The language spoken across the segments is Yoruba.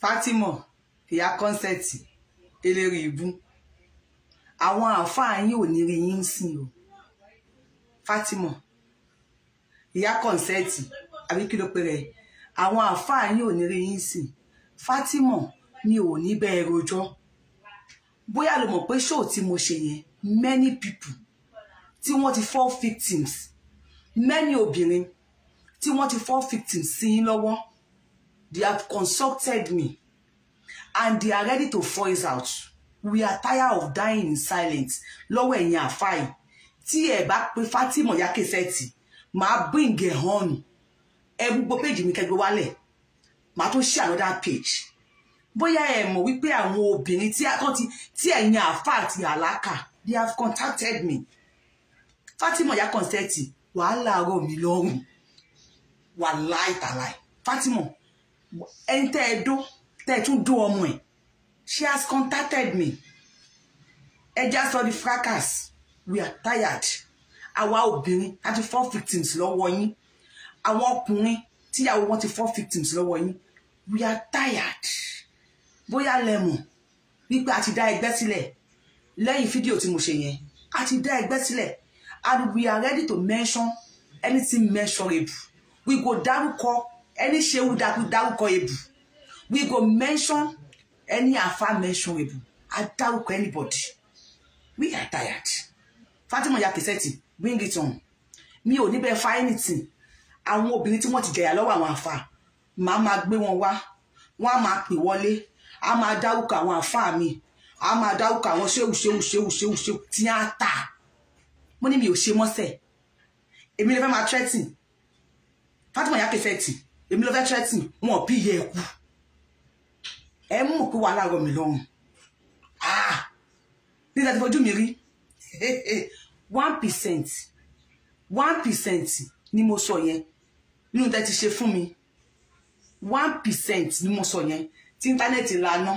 Fatima ìyá kọ́nsẹ̀tì eléré ibú àwọn àáfàá yín ò ní rí yín sìn o Fatima ìyá kọ́nsẹ̀tì àbí kí ló pe rẹ̀ àwọn àáfàá yín ò ní rí yín sìn Fatima mi ò ní bẹ́ẹ̀ rojọ́ bóyá lo mọ̀ pé ṣóò tí mo ṣe yẹn many people tí wọ́n ti fall victims many obìnrin tí wọ́n ti fall victims sí yín lọ́wọ́ They have consulted me and they are ready to voice out. We are tired of dying in silence. Lọ́wọ́ ẹ̀yin àfáì. Tí ẹ bá pe Fatima ya keseti, màá bring ẹ hàn. Ẹ gbogbo page mi kẹgbẹ́ wálẹ̀. Màá tún ṣe another page. Bóyá ẹ mọ̀ wípé àwọn obìnrin tí àkọ́tí tí ẹ̀yin àfáà àti àlákà they have contacted me. Fatima ya consent wàhálà rọ̀ mí lọ́rùn. Wàhálà ìtàláì. Fatima ẹni tẹ́ ẹ dó tẹ́ ẹ tún dó ọmọ ẹ̀ she has contacted me ẹ já sọ di fracas we are tired àwa obìnrin a ti fall victims lọ́wọ́ yín àwọn ọkùnrin tíyàwó wọn ti four victims lọ́wọ́ yín we are tired bóyá lẹ́mọ̀ wípé a ti dá ẹgbẹ́ sílẹ̀ lẹ́yìn fídíò tí mo ṣe yẹn a dá ẹgbẹ́ sílẹ̀ and we are ready to mention anything measurable we go dárúkọ Any ẹni ṣeun dárúkọ ebù we go mention ẹni àfa mention I adárúkọ anybody we are tired fatima ya kẹsẹtì bring it on mi ò níbẹ̀ fa anything àwọn obìnrin tí wọ́n ti jẹ̀yà lọ́wọ́ àwọn àfa màá máa gbé wọn wá wọ́n á máa pè wọlé á máa dárúkọ àwọn àfa mi á máa dárúkọ àwọn ṣéwù ṣéwù ṣéwù ṣéwù ṣéwù tí á tà mo ní mi ò ṣe mọ́sẹ̀ èmi lè fẹ́ máa threatening fatima ya kẹsẹtì èmi ló fẹ́ threatening wọn ò bí iye ẹ̀kú ẹ mú pé wàhálà rọ mi lọ́rùn ah! nígbà tí fojú mi rí one percent one percent ni mo sọ yẹn nínú tẹ́ ti ṣe fún mi one percent ni mo sọ yẹn tí íńtánẹ́ẹ̀tì la ná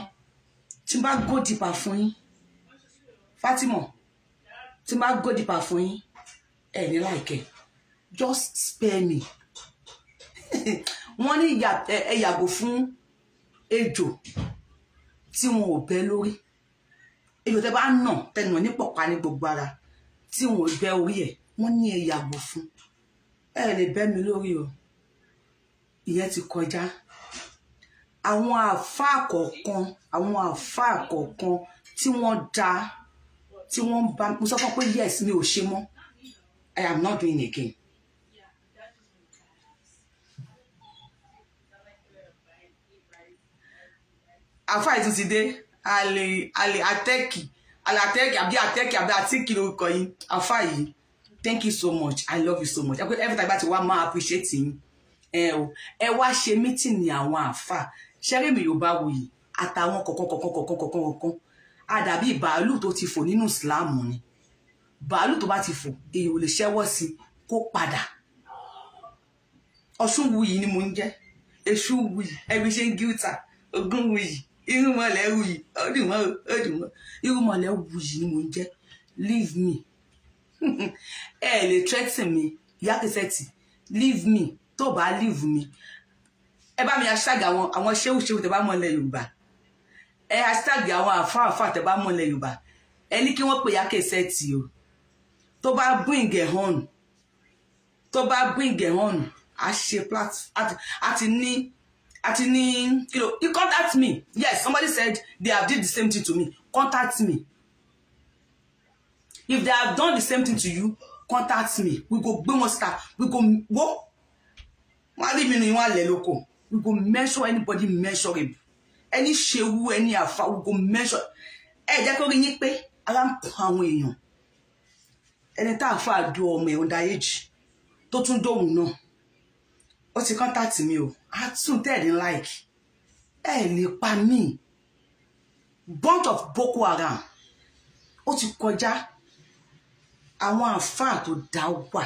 tí n bá go dìpà fún yín Fatima tí n bá go dìpà fún yín ẹ̀ like láìkẹ́ just spare me. wọ́n ní ẹ fún ejò tí wọn ò bẹ́ lórí ejò tẹ bá nà tẹnu ní pọ̀pá ní gbogbo ara tí wọn ò bẹ́ orí ẹ̀ wọ́n ní ẹ fún ẹ lè bẹ́ mi lórí o ìyẹn ti kọjá àwọn àáfàá kọ̀ọ̀kan àwọn àáfàá kọ̀ọ̀kan tí wọ́n da tí wọ́n bá mo sọ fún pé yes mi ò ṣe mọ́ I am not doing again àfáà ìtún ti dé alẹ alẹ atẹ́kì alẹ atẹ́kì àbí atẹ́kì àbí àtíkì lórúkọ yín àfáà thank you so much i love you so much ẹ pé every time bá ti wá máa appreciate yín ẹ o ẹ wá ṣe meeting ní àwọn àfáà ṣẹ́rẹ́mi yorùbá wuyì àtàwọn kọ̀kọ̀kọ̀kọ̀kọ̀kọ̀kọ̀kọ̀ àdàbí bàálù tó ti fò nínú ìsìláàmù ni bàálù tó bá ti fò èyí ò lè ṣẹ́wọ́ sí kó padà ọ̀ṣun wuyì ni mo ń jẹ́ èṣù wuyì ẹbí ṣe ń gíúta ogún wuyì irúnmọlẹ̀ wù yìí ó dùn mọ́ ó dùn mọ́ irúnmọlẹ̀ wù yìí ni mò leave me ẹ lè threaten me. yákẹ́sẹ̀tì leave me tó bá leave me ẹ bá mi hashtag àwọn àwọn ṣéwù ṣéwù tẹ bá mọ̀ ilẹ̀ yorùbá ẹ hashtag àwọn àfáà àfáà tẹ bá mọ̀ ilẹ̀ yorùbá ẹ ní kí wọ́n pè yákẹ́sẹ̀tì o tó bá bring ẹ̀ hàn tó bá bring ẹ̀ hàn á ṣe plat á ti ní àti ní you know he contact me yes somebody said they have did the same thing to me contact me if they have done the same thing to you contact me we go gbé wọn síta we go wo wọn rí mi nu wọn alẹ lóko we go measure anybody measurable Any shewu any àfa we go measure ẹ jẹ́ kó rí yín pé ara ń kun àwọn èèyàn ẹni tá a fa àdó ọmọ ẹ̀ ọ̀dà èjì tó tún dóhùn náà ó ti contact mi o a tún tẹ̀lé like ẹ ni pa mi, bunch of Boko Haram ó ti kọjá àwọn àfáà tó Ogun wà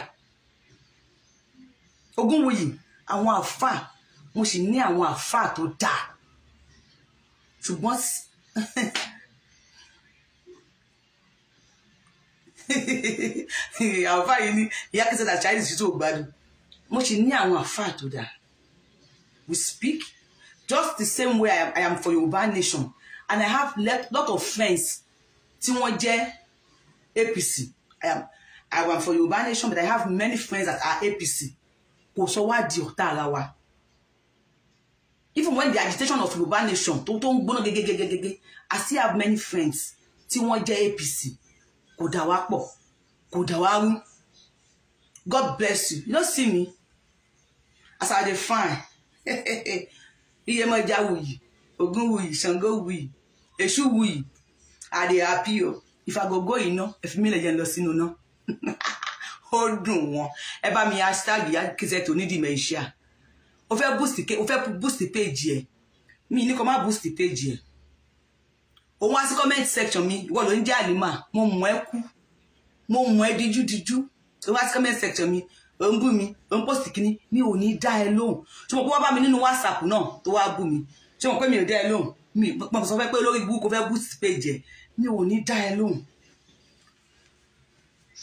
Ògúnwùyí àwọn àfáà mo sì ní àwọn àfáà tó dá ṣùgbọ́n àfáà yìí ni ìyá kìí ṣe that chinese ṣe tó gbádùn mo ṣì ní àwọn àfáà tó dáa we speak just the same way I am, I am for Yorùbá nation and I have lot of friends tí wọ́n jẹ́ APC I am I am for Yorùbá nation but I have many friends that are APC kò sọ wá di ọ̀tá ara wa even when the agitation of Yorùbá nation tó tó ń gbóná gégégégégé I still have many friends tí wọ́n jẹ́ APC kò dà wá pọ̀ kò dà wá rú God bless you you no see me as i dey find iyemaja wuyi ogun wuyi sango wuyi èṣù wuyi i dey happy o if i go go iná efimile yẹn lọ sínú iná ó dùn wọn ẹ bá mi hashtag Yakezeto Onidimensia o fẹ́ boost o fẹ́ boost page ẹ mi ní kó má boost page ẹ òun wá sí comment section mi ìwọ ló ń jẹ́ àlìmà mo mọ̀ ẹ́ kú mo mọ̀ ẹ́ díjúdíjú òun wá sí comment section mi ò ń bú mi ò ń pòsì kíní mi ò ní dá ẹ lóhùn tí mo kó wá bá mi nínú whatsapp náà tó wá bú mi tí mo pé mi ò dá ẹ lóhùn mi mo sọ fẹ́ pé olórí ibú kò fẹ́ bú sí péjẹ mi ò ní dá ẹ lóhùn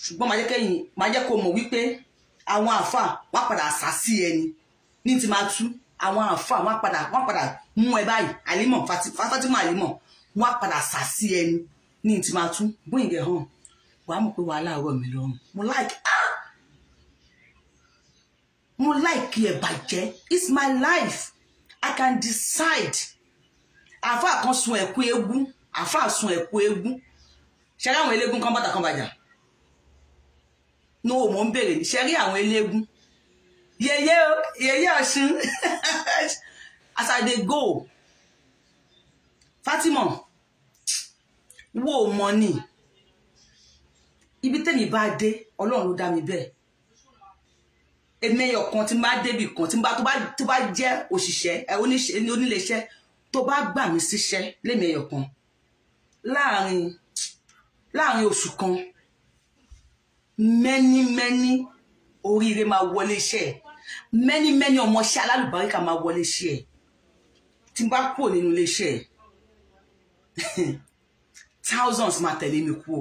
ṣùgbọ́n máa jẹ́ kẹ́yìn máa jẹ́ kó mọ̀ wípé àwọn àáfà wá padà sá sí ẹni ní ti máa tú àwọn àáfà wá padà wá padà mú ẹ báyìí àlímọ̀ Fatima àlímọ̀ wá padà sá sí ẹni ní ti máa tú bóyìnbẹ̀ hàn wàá mọ̀ pé wàhálà ọ̀rọ̀ mi lọ́rùn mo like ah mo like ẹ̀ bàjẹ́ it's my life i can decide àfa kan sun ẹ̀kú eégún àfa sun ẹ̀kú eégún ṣe rí àwọn eléégún kan bàtà kan bàjà no mo ń bèrè ní ṣe rí àwọn eléégún yeye o yeye ọ̀ṣun as i dey go fatima wo mọ ni ibi tẹ́mi bá dé ọlọ́run ló dá mi bẹ́ẹ̀ ẹmẹyọ kan tí n bá débì kan tí n bá tó bá jẹ́ òṣìṣẹ́ oníléeṣẹ́ tó bá gbà mí síṣẹ́ lẹmẹyọ kan láàrin láàrin oṣù kan mẹ́ni mẹ́ni oríire máa wọlé iṣẹ́ ẹ̀ mẹ́ni mẹ́ni ọmọọṣẹ́ alálùbáríkà máa wọlé iṣẹ́ ẹ̀ tí n bá kúrò nínú iléeṣẹ́ ẹ̀ thousands máa tẹ̀lé mi kúrò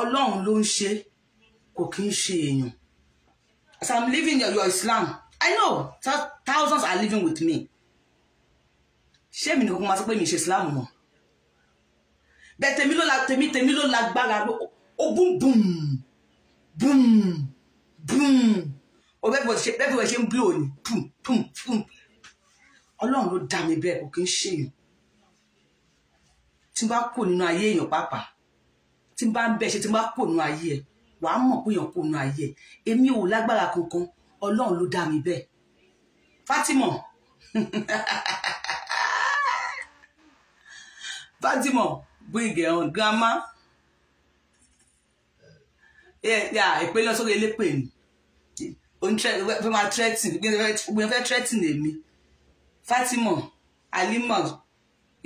ọlọ́run ló ń ṣe kò kí ń ṣe èèyàn as i'm living your, your islam i know thousands are living with me ṣé èmi nìkan kó máa sọ pé mi ṣe islam mọ́ bẹ́ẹ̀ tèmi ló la tèmi tèmi ló la gbára ó bùn bùn bùn bùn ó bẹ́ẹ̀ bọ̀ ṣe bẹ́ẹ̀ bọ̀ ṣe ń blow ni bùn bùn bùn ọlọ́run ló dá mi bẹ́ẹ̀ kò kí ń ṣèyàn tí n bá kó wà á mọ̀ pé èèyàn kò nu ayé ẹ̀ èmi ò lágbára kankan ọlọ́run ló dá mi bẹ́ẹ̀ Fatima Fatima bring it on grandma ìpele ọsọ́rọ̀ elépè ni fẹ́ máa threaten gbìyànjú fẹ́ threaten èmi Fatima Halima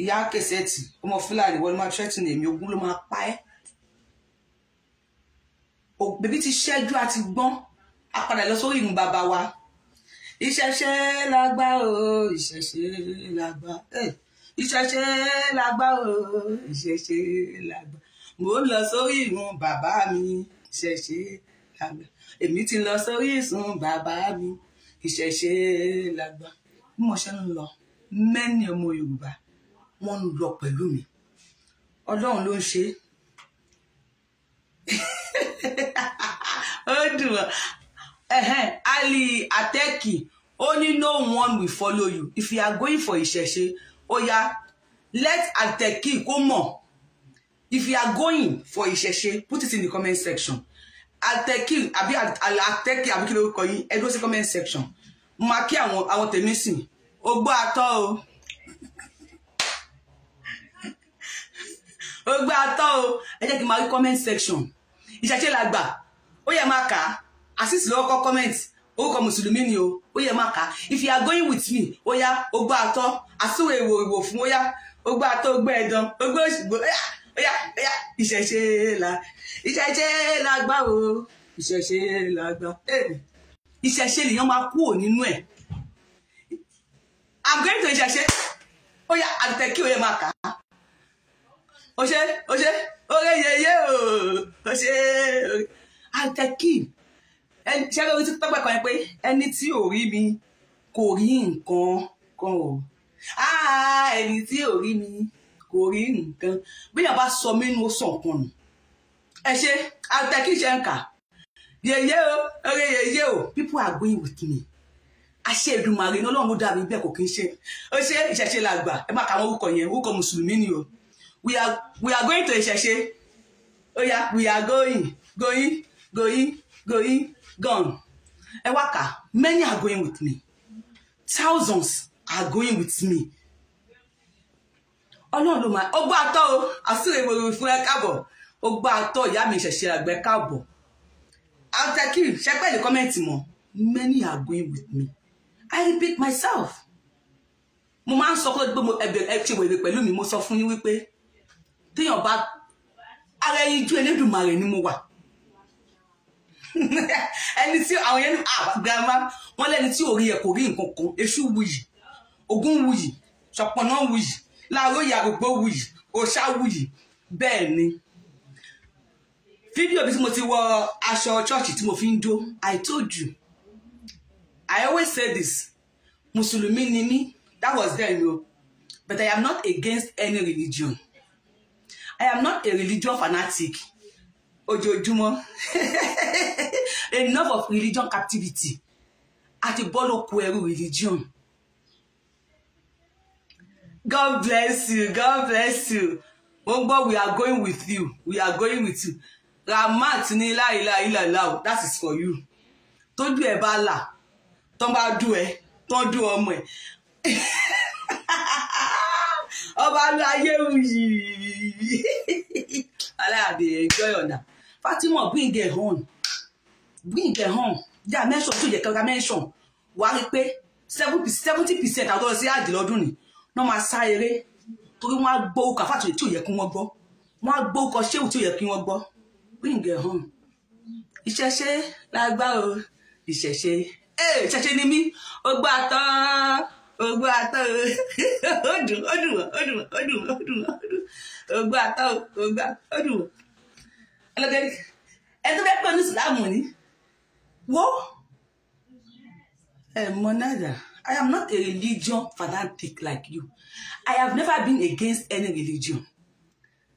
ìyá kẹsẹ̀tì ọmọ Fúlàní wọn ló máa threaten èmi ogun ló máa pa ẹ́ bèbí ti ṣẹ́jú àti gbọ́n a padà lọ sórí ìmú bàbá wa ìṣẹ̀ṣe lágbá o ìṣẹ̀ṣe lágbá ìṣẹ̀ṣe lágbá o ìṣẹ̀ṣe lágbá mo lọ sórí ìmú bàbá mi ìṣẹ̀ṣe lágbá èmi ti lọ sórí ìsun bàbá mi ìṣẹ̀ṣe lágbá bí mo ṣe ń lọ mẹ́ni ọmọ Yorùbá wọ́n ń lọ pẹ̀lú mi ọlọ́run ló ń ṣe é ó oh, dùn ali atẹ́kì ó ní no one will follow you if you are going for ìṣẹ̀ṣe ó yá let atẹ́kì kó mọ̀ if you are going for ìṣẹ̀ṣe put it in the comment section atẹ́kì àbí atẹ́kì àbí kí ló kọ yín ẹ dúró sí comment section máa kí àwọn àwọn tèmi sìn ó gbọ́ atọ́ o ó gbọ́ atọ́ o ẹ jẹ́ kí n máa rí comment section ìṣẹ̀ṣe la gbà ó yẹ máa kà á àṣìṣe lọ́wọ́ kọ́ comment orúkọ mùsùlùmí ni o ó yẹ máa kà á if you are going with me ó yá ó gbọ́ àtọ́ àsúwò èwò ìwò fún ó yá ó gbọ́ àtọ́ ó gbọ́ ẹ̀dán ó gbọ́ òṣìgbò ó yá ó yá ó yá ìṣẹ̀ṣe la ìṣẹ̀ṣe la gbà o ìṣẹ̀ṣe la gbà ìṣẹ̀ṣe lèèyàn máa kú ò nínú ẹ̀ I'm going to ìṣẹ̀ṣe ó yá àtẹ̀kí ó yẹ máa kà á o ṣe o ṣe oore yeye o o ṣe àtẹkì ẹni ṣe lórí tí tọ́pẹ́ kan pé ẹni tí ò rí mi kò rí nǹkan kan o ah, ẹni tí ò rí mi kò rí nǹkan bí yàrá bá sọ mí nu ó sàn kan nù ẹ ṣe àtẹkì ṣe ń kà yeye o oore yeye o people are going with me àṣẹ Èdùmàrè ni Ọlọ́run dá mi bẹ́ẹ̀ kò kí n ṣe ó ṣe ìṣẹ̀ṣe làgbà ẹ má ka àwọn orúkọ yẹn orúkọ mùsùlùmí ni o we are we are going to ìṣẹ̀ṣe Oh yeah, we are going going going going gone ẹ wá many are going with me thousands are going with me ọlọ́run ló máa ó gbọ́ àtọ́ o àsìrè ìwòrò fún ẹ káàbọ̀ ó gbọ́ àtọ́ ìyá mi ìṣẹ̀ṣe àgbẹ̀ káàbọ̀ àtẹkì ṣẹpẹ́ ní kọ́mẹ́ǹtì mọ́ many are going with me i repeat myself mo máa ń sọ pé gbogbo ẹbẹ ẹ ṣe wèrè pẹ̀lú mi mo sọ fún yín wípé téèyàn bá ara ẹni ijó Elédùmarè ni mo wà ẹni tí àwọn yẹn àgbàmá ah, wọn lẹni tí orí ẹ kò rí nǹkan kan èṣù wuyì Ògún wuyì ṣọpọnà wuyì láàróyè àrògbó wuyì òṣà wuyì bẹ́ẹ̀ ni fídíò bí mo ti wọ aṣọ ṣọ́ọ̀ṣì tí mo fi ń jó I told you I always say this mùsùlùmí ni mí that was then o but I am not against any religion. I am not a religion fanatic ojoojúmọ́ enough of religion captivity àti bọ́ọ̀lù kú ẹrú religion. God bless you God bless you mo we are going with you we are going with you Ramat ni la ila ní la. that is for you Don't ẹ a là tán bá dùn ẹ tán dùn ọba lu ayé wuyì aláàbẹ̀ enjoy ọ̀nà Fatima bring her home bring her home yà mention tó yẹ kẹta mention wà á rí pé seventy percent àwọn ọ̀rọ̀ sí àjẹ́ lọ́dún ni wọ́n máa sá eré torí wọ́n á gbọ́ òkà fàtúnyẹ tí ò yẹ kí wọ́n gbọ́ wọ́n á gbọ́ òkà ṣéwù tí ò yẹ kí wọ́n gbọ́ bring her home ìṣẹ̀ṣe lágbára ìṣẹ̀ṣe ìṣẹ̀ṣe ni mí ó gbà tán ogún atọ́ o dùn ó dùn ó dùn ó dùn ó dùn ó dùn ogún atọ́ o ogún ó dùn ó. ẹlẹ́gẹ̀rẹ́ ẹni tó fẹ́ pẹ́ ní ìsìlámù ni wo ẹ mọ náírà I am not a religion fanatic like you I have never been against any religion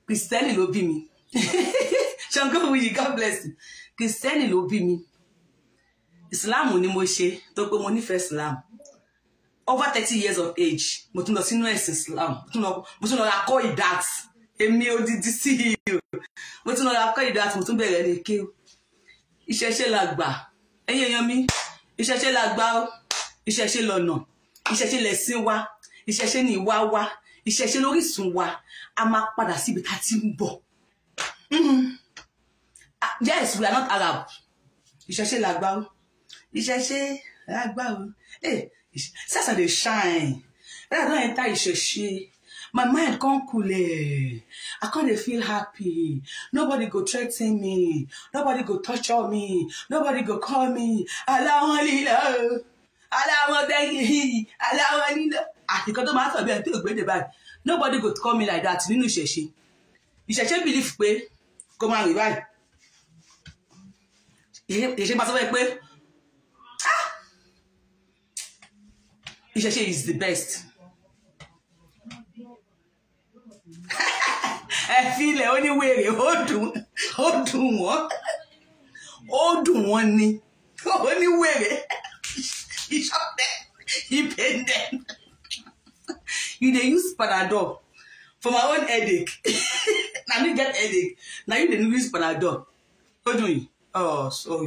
Kristẹni ló bí mi Ṣàngó Wuyì God bless you Kristẹni ló bí mi Ìsìlámù ni mo ṣe tó pé mo nífẹ̀ẹ́ Ìsìlámù over thirty years of age mo tún lọ sínú ẹ̀sìn Islam mo tún lọ ra kọ́ ìdát èmi odidi CEO mo tún lọ ra kọ́ ìdát mo tún bẹ̀rẹ̀ ní kéw ìṣẹ̀ṣe la gbà ẹ̀yin èèyàn mi ìṣẹ̀ṣe la gbà ó ìṣẹ̀ṣe lọ́nà ìṣẹ̀ṣe lẹ̀sìn wa ìṣẹ̀ṣe ní ìwà wa ìṣẹ̀ṣe lórísun wa a máa padà síbi tá a ti ń bọ̀ mm-hmm. ah, yes we are not Arab ìṣẹ̀ṣe la gbà ó ìṣẹ̀ṣe la gbà ó since i dey shine when i don enter isese my mind come cool eh i come dey feel happy nobody go threa ten me nobody go torture me nobody go call me aláwọn lílọ aláwọn dẹyìn aláwọn lílọ àtìkọ́ tó máa ń sọ bí ẹni tó gbéde báyìí nobody go call me like that nínú ìṣẹ̀ṣe ìṣẹ̀ṣe believe pé kó máa rìn báyìí ìṣẹ̀ṣe máa sọ pé ìṣẹ̀ṣe is the best. ẹ filẹ̀ ó ní wèrè ó dùn ó dùn wọ́n ó dùn wọ́n ni ó ní wèrè ìṣọ̀tẹ̀ ìpèndẹ̀ you dey use panadol for my own headache na me get headache na you dey use panadol ó dùn yìí ọ̀ sọ̀rọ̀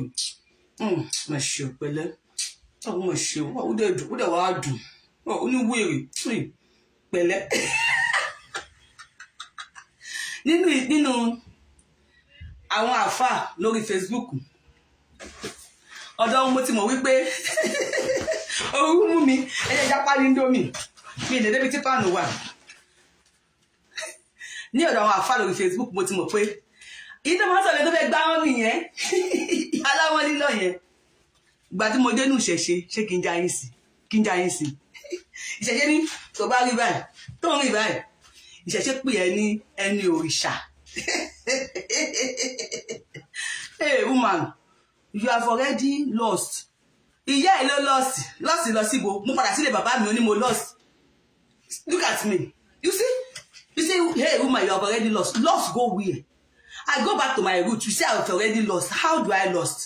mà ṣe pẹ̀lẹ́ àwọn ìṣèwọ́ ó dẹ̀ dùn ó dẹ̀ wá dùn ó ní wèrè tún pẹ̀lẹ́ nínú nínú àwọn àáfàá lórí Facebook ọ̀dọ̀ mo ti mọ̀ wípé ooru mú mi ẹ̀yẹ jápá ní domi mi ìdè débi tí páànù wà ní ọ̀dọ̀ àwọn àáfàá lórí Facebook mo ti mọ̀ pé ìdánwò sọ̀rọ̀ tó fẹ́ gbá wọn nìyẹn aláwọ̀ lílọ̀ yẹn ìgbà tí mo dé nù ìṣẹ̀ṣe ṣé kí n já yín sí kí n já yín sí ìṣẹ̀ṣe ní tó bá rí báyìí tó ń rí báyìí ìṣẹ̀ṣe pè ẹ́ ní ẹni òrìṣà hey woman you have already lost ìyá ẹ ló lost lost lọ síbo mo padà sílé bàbá mi ó ní mo lost look at me you see you see. hey woman you have already lost lost go where I go back to my root you say I have already lost how do I lost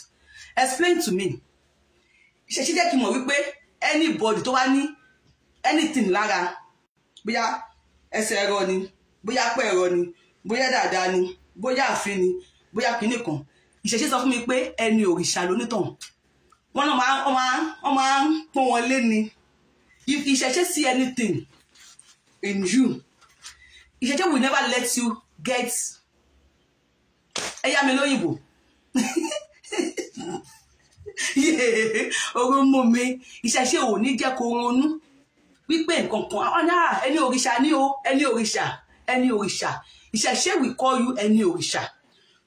explain to me ìṣesí jẹ́ kí n mọ̀ wípé anybody tó bá ní anything lára bóyá ẹsẹ̀ ẹ̀rọ ni bóyá pẹ́ ẹ̀rọ ni bóyá dáadáa ni bóyá àfin ni bóyá kinní kan ìṣesí sọ fún mi pé ẹni òrìṣà lónítàn wọn náà máa wọn máa wọn máa ń pọ́n wọn lé ni if ìṣẹ̀ṣẹ̀ see anything in you ìṣẹ̀ṣẹ̀ will never let you get ẹ̀yà mi lóyìnbó. orun mú mi iṣẹ́ ṣé ò ní jẹ́ kó ronú wípé nǹkan kan ọ̀nà ah, ẹni òrìṣà ni o ẹni òrìṣà ẹni òrìṣà iṣẹ́ ṣé we call you ẹni òrìṣà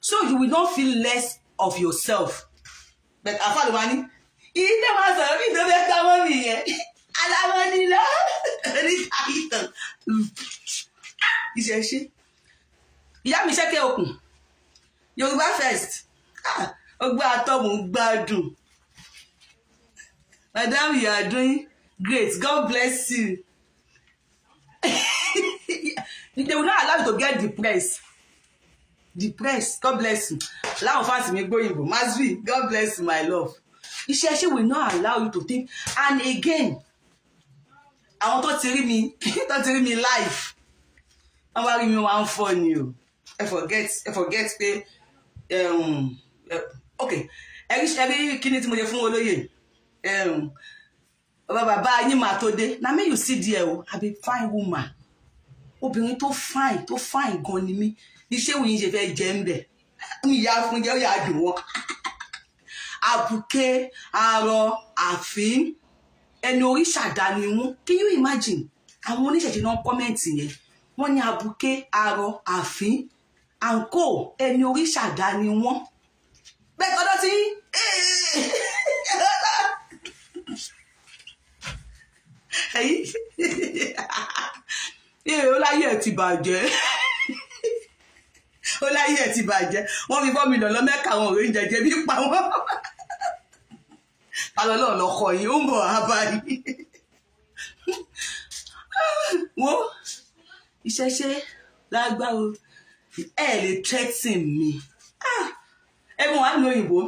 so you will not feel less of yourself but àfàlù wa ní ilé wa sọ̀rọ̀ bí ìdọ́fẹ́ táwọn mi yẹn alámọ́nilá oríta ìtàn iṣẹ́ ṣe ìyá mi ṣẹ́kẹ́ okùn Yorùbá first ó ah, gbá atọ́mù gbádùn. Madam, you are doing great. God bless you. they will not allow you to get depressed. Depressed. God bless you. Allow fast me go in. Masvi, God bless you, my love. she will not allow you to think. And again, àwọn tó ti rí mi tó ti rí mi live wọ́n wá rí mi wọ́n fọ́ ni o ẹ forget I forget pé um, Okay. I wish every kidney mo ṣe fún olóyè bàbá yín máa tó dé na me you see there o oh, àbí fine woman obìnrin to fine to fine gan ni mí iṣẹ́ òyìn ṣe fẹ́ jẹ́ ń bẹ̀ ya fún jẹ́ ó yà dùn wọ́n àbùké arọ àfín ẹni orí ṣàdáni wọn can you imagine àwọn oníṣẹ̀ṣẹ̀ náà kọ́mẹ̀ntì yẹn wọ́n ní abuké arọ àfín àǹkó ẹni orí ṣàdáni wọn bẹ́ẹ̀ kọ́dọ̀ tí ẹ̀yìn ọláyé ẹ̀ ti bàjẹ́ ọláyé ẹ̀ ti bàjẹ́ wọ́n fi bọ́ mi lọ àwọn òwe jẹjẹ bí pa wọ́n alọ́lọ́ lọ́kọ̀ yìí ó ń bọ̀ abayí wo ìṣẹ̀ṣe lágbáwo ẹ lè threaten mi ah, ẹ̀gbọ́n wa ń lo òyìnbó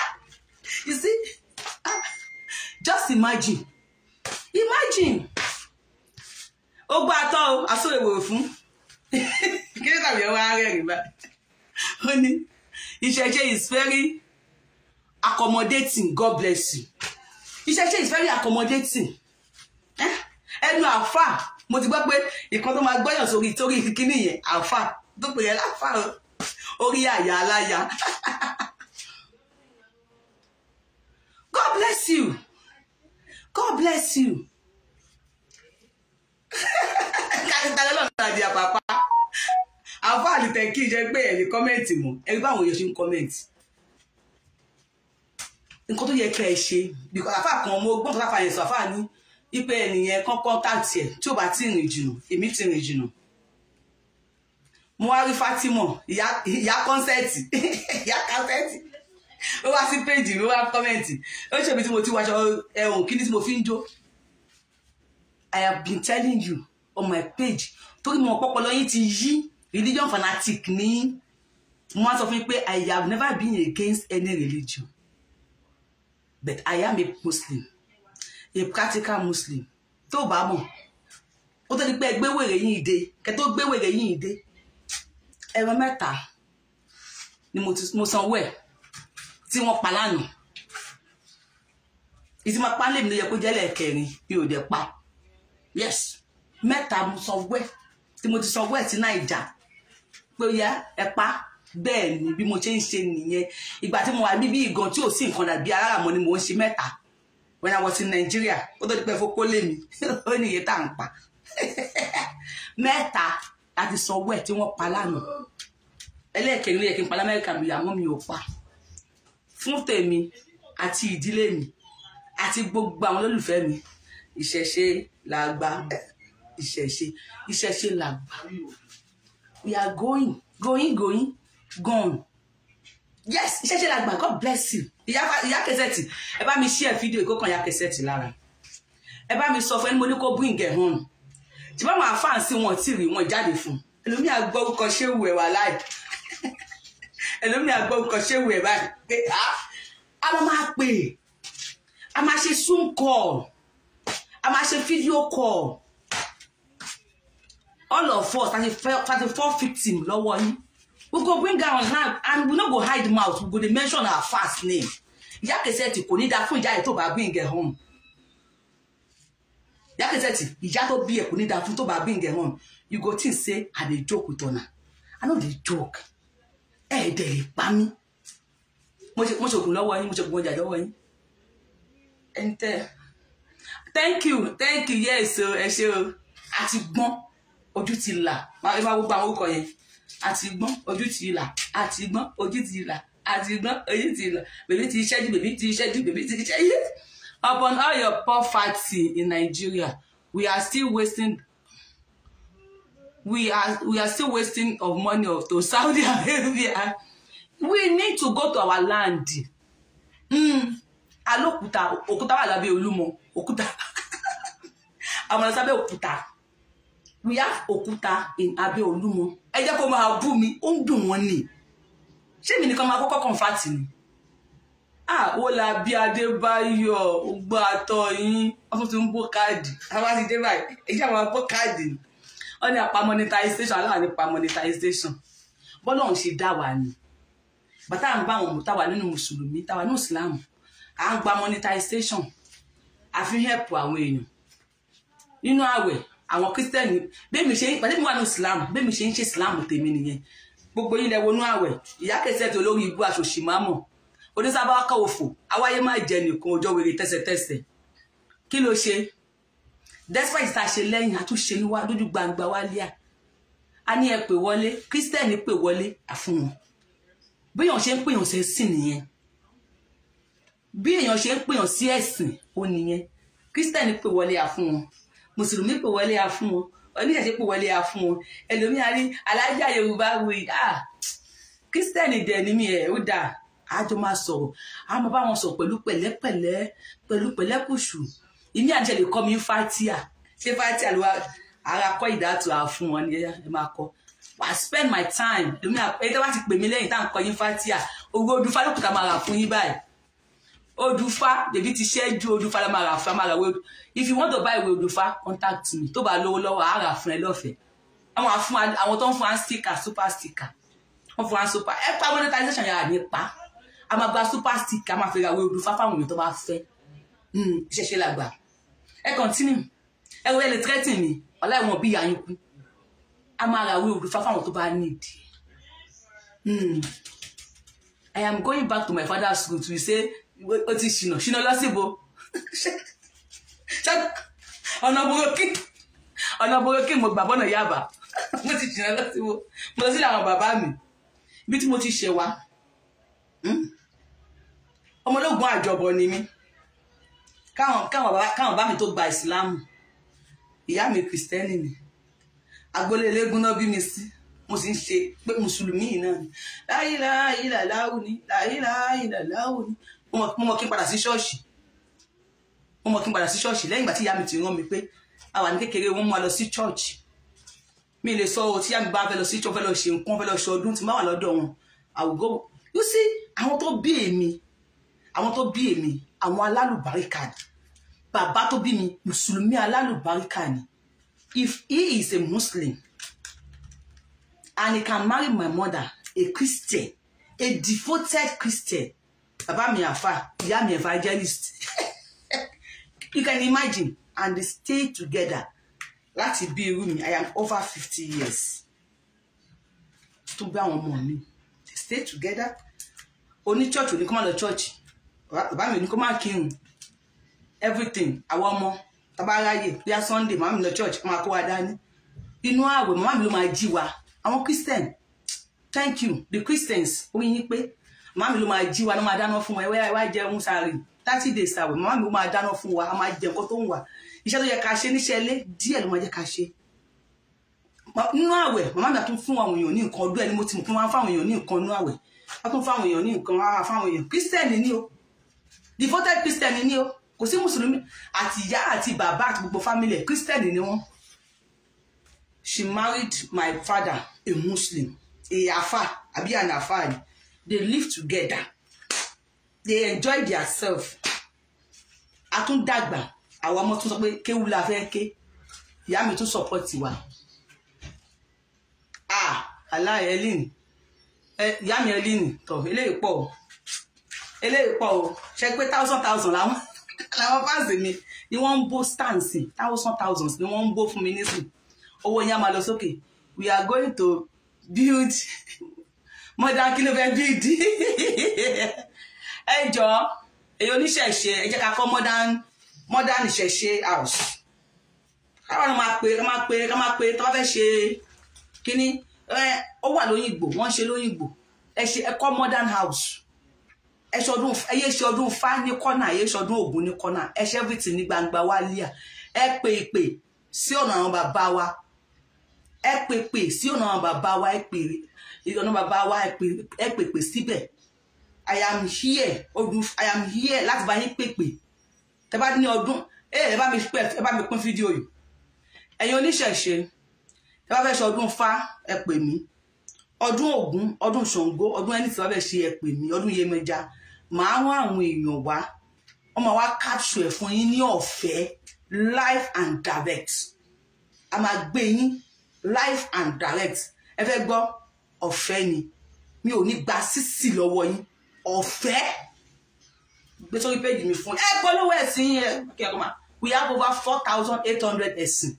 you see just imagine imagine ó gbọ́ atọ́ o aṣọ ìwòrò fún kí ló tàbí ọwọ́ ara rẹ̀ bá ó ní ìṣẹ̀ṣe is very accommodating God bless you ìṣẹ̀ṣe is very accommodating ẹnu àfà mo ti gbọ́ pé ìkan tó máa gbọ́yàn sori torí kíní yẹn àfà tó pè yẹn láfà orí àyà aláya God bless you God bless you. Kásítàlẹ́ lọ́nà àdì àpàpá. Àfọ́ àlùtẹ̀ kí jẹ́ pé ẹ̀yìn kọ́mẹ̀ntì mọ̀. Ẹ rí báwọn èèyàn ṣe ń kọ́mẹ̀ntì. Nǹkan tó yẹ kẹ́ ẹ ṣe. Bìkọ́ àfà kan mo gbọ́n tó láfa yẹn sọ àfà ní ipe ẹnìyẹn kan kọ́ńtàtì ẹ̀ tí ò bá ti rìn jìnnà èmi ti rìn jìnnà. Mo wá rí Fátímọ̀ ìyá kọ́nsẹ́ẹ̀tì ìyá kọ́nsẹ́ẹ̀tì ó wá sí péjì ló wá kọ́mẹ̀ntì ó ṣèbí tí mo ti wáṣọ ẹ̀hún kí ni tí mo fi ń jó I have been telling you on my page torí mo pọ́pọ́ lọ́yìn ti yí religion fanatic ní mo wá sọ fún pé I have never been against any religion but I am a Muslim a practical Muslim tó bá mọ̀ ó tó ní pé ẹ gbé wèrè yín ìdè kẹ tó gbé wèrè yín ìdè ẹ̀rọ mẹ́ta ni mo sanwó ẹ̀ tí wọ́n pa lánàá ìtì máa pa lèmi ló yẹ kó jẹ́lẹ̀ kẹrin mi dẹ̀ pa yes mẹ́ta mo sọ wẹ́ tí mo ti sọ wẹ́ sí Naija pé ó yá ẹ pa bẹ́ẹ̀ ni bí mo ṣe ń ṣe nìyẹn ìgbà tí mo wà níbí ìgan tí ò sí nǹkan dàbí aláàmọ́ ni mò ń ṣe mẹ́ta when I was in Nigeria ó tó di pé fokó lèmi ó nìyẹn tá à ń pa mẹ́ta láti sọ wẹ́ tí wọ́n pa lánàá ẹlẹ́ẹ̀kẹrin ló yẹ kí n pa lamẹ́ríkà mi àmọ́ mi ò pa fún tèmi àti ìdílé mi àti gbogbo àwọn olólùfẹ́ mi ìṣẹ̀ṣe làgbà ìṣẹ̀ṣe ìṣẹ̀ṣe làgbà we are going going going gone yes ìṣẹ̀ṣe làgbà God bless you ìyá kẹsẹ̀tì ẹ bá mi share fídíò ìkókan ìyá kẹsẹ̀tì lára ẹ bá mi sọ fún ẹni mo ní kó bú ìgẹ̀ hàn tí bá wọn àfáàǹsì wọn tí rí wọn jáde fún ẹlòmíà gbọ́ orúkọ ṣéwù ẹ̀wà láì ẹlòmíì àgbọ̀ nǹkan ṣé wù ẹ̀ báyìí pé a máa máa pè a máa ṣe zoom call a máa ṣe fídíò call all of us thirty four fifteen, lọ́wọ́ yín we go bring am now and we no go hide mouth we go dey mention our first name ìyá Cassette kò ní dáa fún ìyá ẹ̀ tó bá bring ẹ̀ home ìyá Cassette ìyá tó bí ẹ̀ kò ní dáa fún tó bá bring ẹ̀ home you go think say i dey joke with una i no dey joke ẹ̀ẹ́dẹ̀ lè pa mí mo ṣògùn lọ́wọ́ yín mo ṣògùn ọjà lọ́wọ́ yín ẹni tẹ́ thank you thank you yes o ẹ ṣe o a ti gbọ́n ojú ti là ẹ máa gbogbo àwọn orúkọ yẹn a ti gbọ́n ojú ti là a ti gbọ́n ojú ti là a ti gbọ́n ojú ti là bèbí ti ṣẹ́jú bèbí ti ṣẹ́jú bèbí ti ṣẹ́jú upon all your poverty in Nigeria we are still wasting we are we are still wasting of money of to Saudi Arabia we need to go to our land mm. alókúta Okuta. wà lábẹ́ Olúmọ òkúta àwọn sábẹ́ Okuta. we have Okuta in abẹ́ Olumo. ẹ jẹ́ kó máa bú mi ó ń dùn wọ́n ni ṣé èmi nìkan máa kọ́kọ́ comfort ni àwọn ah, làbí Adébáyọ̀ gbọ́ àtọ̀ yín wọ́n tún ti ń bó káàdì àwọn àti dé báyìí ẹ jẹ́ àwọn bó káàdì ni ọ ní apá monetization aláwọ̀ nípa monetization bọ́lá òun ṣe dá wa ni bàtà ń bá àwọn ọmọ táwa nínú mùsùlùmí táwa ní ìsìláàmù à ń gba monetization àfi help àwọn èèyàn nínú àwẹ̀ àwọn kírísítẹ́nì bẹ́ẹ̀ mi ṣe pàtẹ́mi wà ní ìsìláàmù bẹ́ẹ̀ mi ṣe ń ṣe ìsìláàmù tèmi nìyẹn gbogbo yín lẹ wọnú àwẹ̀ ìyá kẹsẹ̀ tó lórí ibú àṣòṣì máa mọ̀ onísàbáwá kọ̀ òfò awáyé má jẹ nìkan ọjọ́ wèrè tẹ́sẹ̀tẹ́sẹ̀ kí ló ṣe despite tá a ṣe lẹ́yìn àtúnṣe níwá lójú gbangba wálé à a ní ẹ pè wọlé kristẹni pè wọlé àfún wọn bí èèyàn ṣe ń pèèyàn ṣe sìn nìyẹn bí èèyàn ṣe ń pèèyàn sí ẹ̀sìn ó nìyẹn kristẹni pè wọlé àfún wọn mùsùlùmí pè wọlé àfún wọn oníṣẹ̀ṣe pè wọlé àfún wọn ẹlòmíà rí alájà yorùbá wí ah Christian dẹ̀ ní mi ẹ̀ ó dáa àjọ máa sọ̀rọ̀ àmọ́ bá wọn sọ pẹ̀lú pẹ̀lẹ́pẹ̀lẹ́ pẹ̀lú pẹ̀lẹ́kùṣù èmi àti ẹ̀ lè kọ́ mi ń fatia ṣé fatia ló wá ara kọ́ ìdátò àfún wọn ni ẹ máa kọ́ I spend my time èmi àpẹẹrẹ tí wọ́n ti pè mí lẹ́yìn tá à ń kọ́ yín fatia owó odúfá ló kù ká máa rà fún yín báyìí odúfá bèbí ti ṣẹ́jú odúfá la máa rà fún ẹ máa rà wé if you want to buy ìwé odúfá contact me tó bá lówó lọ́wọ́ á rà fún ẹ lọ́fẹ̀ẹ́ àwọn àfún àwọn tó ń fún wa sticker super sticker wọ́n fún wa super ẹ pa monetization yàrá ní pa a máa gba super sticker a máa fi ra ìwé odúfá fáwọn èèyàn tó bá fẹ́ hmm, ṣẹ̀ṣẹ̀ làgbà ẹ kọ́ntínú ẹ wọlé lè tírẹ́tì mi ọ̀la ìwọ̀n bí yàyín a máa ra àwọn olùfà fáwọn tó bá nídìí. Hmm. I am going back to my father's school to say ó ti ṣìnà ṣìnà lọ́sìbò ọ̀nà boroki ọ̀nà boroki mo gbà bọ́nà yaba mo ti ṣìnà lọ́sìbò mo lọ sí àwọn bàbá mi bí tí mo ti ṣe wa hmm, ọmọlógún àjọbọ ni mi. Mm? káwọn káwọn bàbá káwọn bá mi tó gba ìsìlámù ìyá mi kìrìsìtẹ́nì ni agboolé eléégún náà bí mi sí mo sì ń ṣe pé mùsùlùmí yìí náà ni láyíláyíláláwù ni láyíláyíláláwù ni mo mọ kí n padà sí ṣọ́ọ̀ṣì mo mọ kí n padà sí ṣọ́ọ̀ṣì lẹ́yìn ìgbà tí ìyá mi ti rán mi pé a wà ní kékeré wọn mú wa lọ sí ṣọ́ọ̀ṣì mi lè sọ ọ tí ìyá mi bá fẹ́ lọ sí ṣọ́ọ̀ṣì fẹ́ lọ ṣe nǹkan fẹ́ lọ ṣe ọdún tí má wà lọ́dọ̀ wọn àwùgọ́ you see àwọn tó bí èmi àwọn tó bí èmi àwọn alálùbáríkà ni bàbá tó bí mi mùsùlùmí alálùbáríkà ni if he is a muslim and he can marry my mother a christian a devoted christian bàbá mi àfà ìyá mi evangelist you can imagine and they stay together láti bí irú mi i am over fifty years tó gbé àwọn ọmọ mi they stay together oní church oní kọ́mọ́lọ́ church bàbá mi ní kó má kírun everything àwọn ọmọ tàbá ráyè bíyà sunday màmá mi lọ church máa kó wa dání inú ààwẹ̀ màmá mi ló máa jí wa àwọn christian thank you the christians orí yín pé màmá mi ló máa jí wa ló máa dáná fún wa ẹ wá jẹun sáré thirty days ààwẹ̀ màmá mi ló máa dáná fún wa a máa jẹ nǹkan tó ń wà iṣẹ́ tó yẹ ká ṣe níṣẹ́ ilé díẹ̀ ló máa jẹ́ ká ṣe nínú àwẹ̀ màmá mi àtún fún àwọn èèyàn ní nǹkan ọdún ẹni mo ti mọ̀ pé wọ́n á fáwọn èèyàn ní nǹkan nínú àwẹ̀ wọ́n fáwọn èèyàn ní nǹkan á fáwọn èèyàn kírísítẹ́nì ni o devoted christian ni o kò sí mùsùlùmí àti ìyá àti bàbá àti gbogbo family christian ni wọn she married my father a muslim ìyàfà àbí ànàfà ni they live together they enjoy themselves àtúndàgbà àwọn ọmọ tún sọ pé kéwu la fẹ́ ké ìyá mi tún support wa ah aláìẹ́lìn eh, ìyá mi ẹlìn tọ̀ eléyìí pọ̀ o eléyìí pọ̀ o ṣe pé thousand thousand làwọn làwọn fáàsì mi ni wọ́n ń bó stansi thousand thousands ni wọ́n ń bó fún mi nísìn owó yẹn á máa lọ sókè we are going to build modern kí ló fẹ́ build ẹ jọ èyí oníṣẹ̀ṣe ẹ jẹ́ ká kọ́ modern modern ìṣẹ̀ṣe house káwọn máa pe ká máa pe ká máa pe tó bá fẹ́ ṣe kínní ó wà lóyìnbó wọ́n ṣe lóyìnbó ẹ ṣe ẹ kọ́ modern house ẹ ẹyẹ ṣọdún fá ní kọ́nà ẹyẹ ṣọdún ògún ní kọ́nà ẹ ṣe ní gbangba wá líà ẹ pè pè sí ọ̀nà àwọn bàbá wa ẹ pè pè sí ọ̀nà àwọn bàbá wa ẹ pè ọ̀nà bàbá wa ẹ pè pè síbẹ̀ i am here ọdún i am here láti bá yín pè pè tẹ bá ní ọdún ẹ ẹ bá mi pẹ ẹ bá mi pín fídíò yìí ẹ̀yin oníṣẹ̀ṣe tẹ bá fẹ́ ṣe ọdún ẹ pè mí ọdún Ògún ọdún Ṣàngó ọdún ẹni tí wọ́n fẹ́ ṣe ẹ pè mí ọdún Yemọja màá rán àwọn èèyàn wá wọ́n máa wá capture ẹ̀ fún yín ní ọ̀fẹ́ life and direct a máa gbé yín live and direct ẹ fẹ́ gbọ́ ọ̀fẹ́ ni mi ò ní gba sísì lọ́wọ́ yín ọ̀fẹ́ gbé sórí péjì mi fún ẹ polówó ẹ̀sìn yẹn kí ẹ kọ́ máa we have over four thousand eight hundred ẹ̀sìn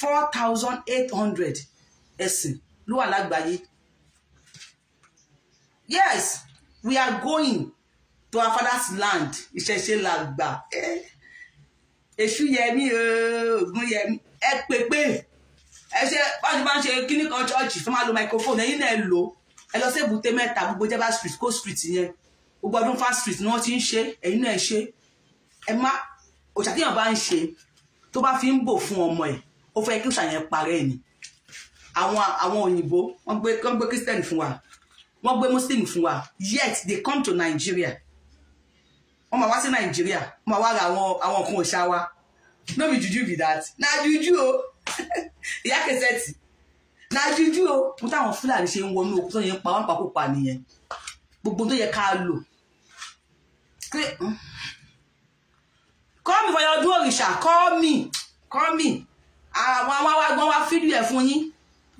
four thousand eight hundred ẹ̀sìn ló wà lágbàáyé yes we are going to our father's land ìṣẹ̀ṣe là gbà eh, èṣù yẹmí oògùn yẹmí ẹ pépé ẹ ṣe bájú bá ń ṣe kíní kan ṣọ́ọ̀ṣì fún máa lo microphone ẹ̀yin náà lò ẹ lọ sí èbúté mẹ́ta gbogbo jẹba street kó street yẹn gbogbo ọdún fast street ni wọ́n ti ń ṣe ẹ̀yin náà ṣe ẹ má òṣàkíyàn bá ń ṣe tó bá fi ń bò fún ọmọ ẹ̀ ó fẹ́ kí òṣàyẹn parẹ́ ni àwọn àwọn òyìnbó wọ́n gbé wọ́n gbé christian fún wa wọ́n gbé muslim fún wa yet they come to Nigeria wọ́n máa wá sí nàìjíríà wọ́n máa wá ra àwọn àwọn nǹkan òṣà wa no be juju be that na juju o ìyá kẹsẹ̀tì na juju o mo táwọn fúlàní ṣe ń wọnú òkú tó yẹn pa wọn pa kó pa nìyẹn gbogbo tó yẹ ká lò pé kọ́ mi fọyọ́ ọdún òrìṣà kọ́ mi kọ́ mi àwọn àwọn àwọn agbọ́n wa fídíò ẹ̀ fún yín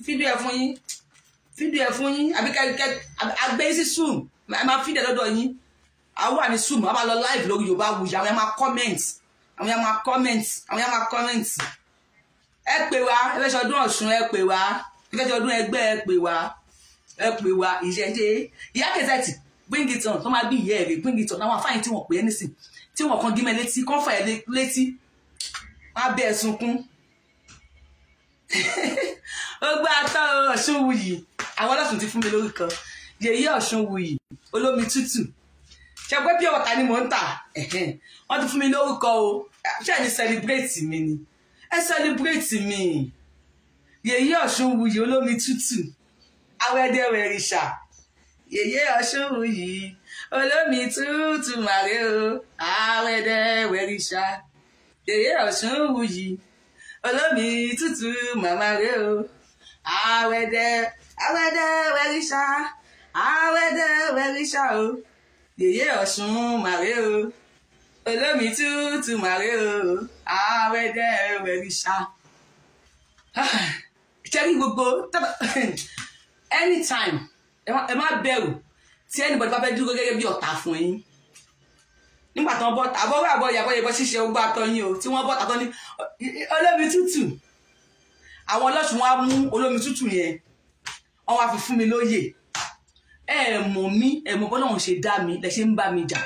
fídíò ẹ̀ fún yín fídíò ẹ̀ fún yín àbí kẹ́ agbé sísùn ẹ máa fídíò lọ́dọ̀ yín a wà ní zoom a bá lọ live lórí yorùbá wuyì àwọn yẹn máa comment àwọn yẹn máa comment àwọn yẹn máa comment ẹ pè wá ẹ fẹ́ ṣe ọdún ọ̀ṣun ẹ pè wá ẹ fẹ́ ṣe ọdún ẹgbẹ́ ẹ pè wá ẹ pè wá ìṣẹ́ṣe ìyá kẹsẹ̀tì bring it on tó máa bí ìyá ẹ̀rẹ̀ bring it on àwọn afáyín tí wọ́n pè é nísìn tí wọ́n kan gímẹ̀ létí kán fà ẹ́ létí wọ́n á bẹ́ ẹ sunkún ó gbé atọ́ ọ̀ṣun wuyì àwọn ọlọ́sùn ti fún mi lórí kan yèyí ọ̀ṣun wuyì olómi tútù ṣe pé pure water ni mò ń tà wọ́n ti fún mi lórúkọ o ṣe ni celebrate mi ni ẹ celebrate mi yèyé ọ̀ṣun wuyì olómi tútù awẹ́dẹ́wẹ̀ rìṣà yèyé ọ̀ṣun wuyì olómi tútù màrè o awẹ́dẹ́wẹ̀ rìṣà yèyé ọ̀ṣun wuyì olómi tútù màmá rè o awẹ́dẹ́ awẹ́dẹ́wẹ̀ rìṣà awẹ́dẹ́wẹ̀ rìṣà o yèyé ọ̀ṣun màrè o olómi tútù màrè o àwẹ̀dẹ̀ wẹ̀rìṣà jẹ́rí gbogbo anytime ẹ má bẹ̀rù tí anybody bá fẹ́ dúró gẹ́gẹ́ bí ọ̀tá fún yín nígbà tán bọ́ tà bọ́wọ́ àbọ̀ ìyàbọ̀ ìyẹ̀bọ̀ ṣíṣe ogbó atọ́yìn o tí wọ́n bọ́ tàtọ́ ní olómi tútù àwọn ọlọ́sùn wa mú olómi tútù yẹn wọ́n wá fi fún mi lóyè ẹ mọ̀ mí ẹ mọ̀ bọ́lá òun ṣe dá mi lẹ ṣe ń bá mi jà.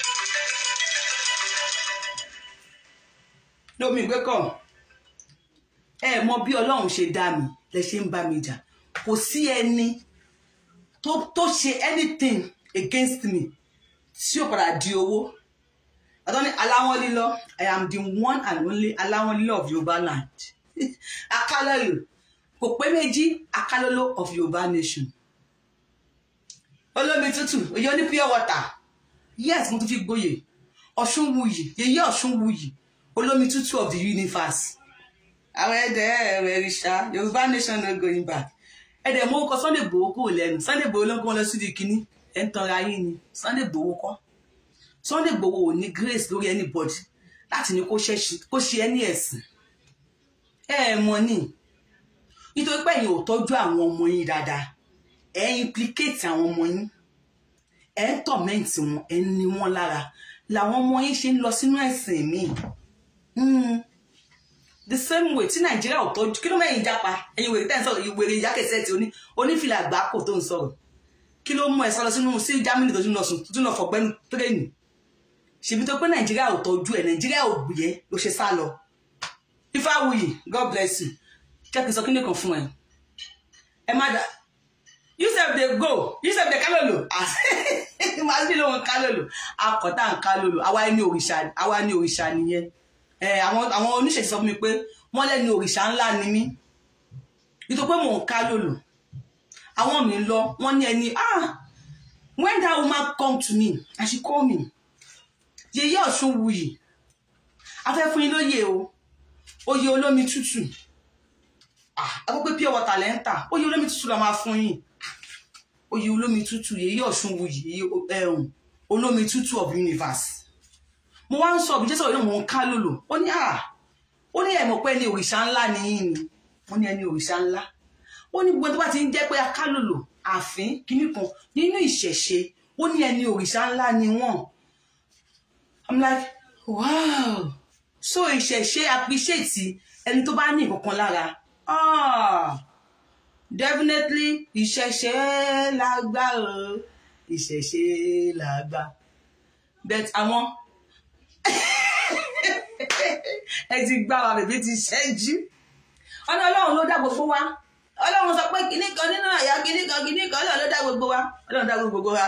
lómi ìgbẹ́kọ̀ ẹ mọ̀ bí ọlọ́run ṣe dá mi lẹ ṣe ń bá mi jà kò sí ẹni tó ṣe anything against me tí ó padà di owó àtọ́ni aláwọ̀lélọ́ i am the one and only aláwọ̀lélọ́ of yorùbá land akálọ́lù kò pé méjì akálọ́lọ́ of yorùbá nation olómi tútù òye oní pure water yes mo tún fi gboyè ọ̀ṣun wuyì yèyé ọ̀ṣun wuyì olómi tútù of the universe àwọn ẹ̀dẹ̀ ẹ̀rẹ̀ ìṣá yorùbá nation no going back ẹ̀dẹ̀ mo kọ Sunday Igboho kò lẹ́nu Sunday Igboho ló ń kọ́ wọn lọ sí di kínní ẹ̀ ń tanra yín ni Sunday Igboho kọ́ Sunday Igboho ò ní grace lórí anybody láti ní kó ṣe ẹni ẹ̀sìn ẹ̀ mọ̀ ni nítorí pé ẹ̀yin ò tọ́jú àwọn ọmọ yín dáadáa ẹ implicate àwọn ọmọ yín ẹ ń tọ̀mẹ́ǹtì wọn ẹ ń ní wọn lára làwọn ọmọ yín ṣe ń lọ sínú ẹ̀sìn míì hmm. the same way tí nàìjíríà ò tọ́jú kí ló mẹ́yìn jápa ẹ̀yin wèrè tẹ́ ń sọ̀rọ̀ ìwèrè ìyákẹ́sẹ̀ ti oní onífìlà àgbákò tó ń sọ̀rọ̀ kí ló mú ẹ sọ̀rọ̀ sínú sí germany tó tún lọ sùn tún lọ fọ̀gbẹ́nu tírẹ́nì ṣèbí tó pé nàìjíríà ò tọ́jú ẹ̀ nàìjíríà ò gbìyẹ ló ṣe sá lọ ifáwuyì god bless you jẹ́ kí n sọ kí nìkan fún ẹ ẹ má dà yusuf dey go yusuf dey kálòlò máa bí lóun kálòlò akọ̀tà ń kálòlò àwa ni òrìṣà àwa ni òrìṣà nìyẹn àwọn oníṣègùn sọ fún mi pé wọ́n lẹ́ni òrìṣà ńlá ni mí nítorí pé mò ń kálòlò àwọn mi lọ wọ́n ní ẹni ah when that woman come to me and she call me yeye ọ̀ṣun wuyì afẹ́ fún yín lóye o oyè olómi tútù ah ẹ kó pé pure water lẹ́ ń tà oyè olómi tútù la máa fún yín oyè olómi tútù yèyí ọ̀ṣun wuyì yèyí olómi tútù of universe mo wá ń sọ ọ̀bí jésù ọ̀rẹ́ mo ń ká lòlò ó ní à ah! ó ní ẹ̀mọ̀ pé ẹni òrìṣà ńlá ni yín ni wọ́n ní ẹni òrìṣà ńlá ó ní gbogbo tó bá ti ń jẹ́ pé akálòlò àfín kínní kan nínú ìṣẹ̀ṣe ó ní ẹni òrìṣà ńlá ni wọ́n i'm like wow so ìṣẹ̀ṣe appreciate ẹni tó bá ní ìkọ̀kan lára ah definitely ìṣẹ̀ṣe làgbà o ìṣẹ̀ṣe làgbà but àwọn ẹ ti gbá wa bèbí ti ṣẹ́jú ọ̀nà ọlọ́run ló dá gbogbo wa ọlọ́run sọ pé kíní kan nínú àyà kíní kan kíní kan ọlọ́run ló dá gbogbo wa ọlọ́run dá gbogbo wa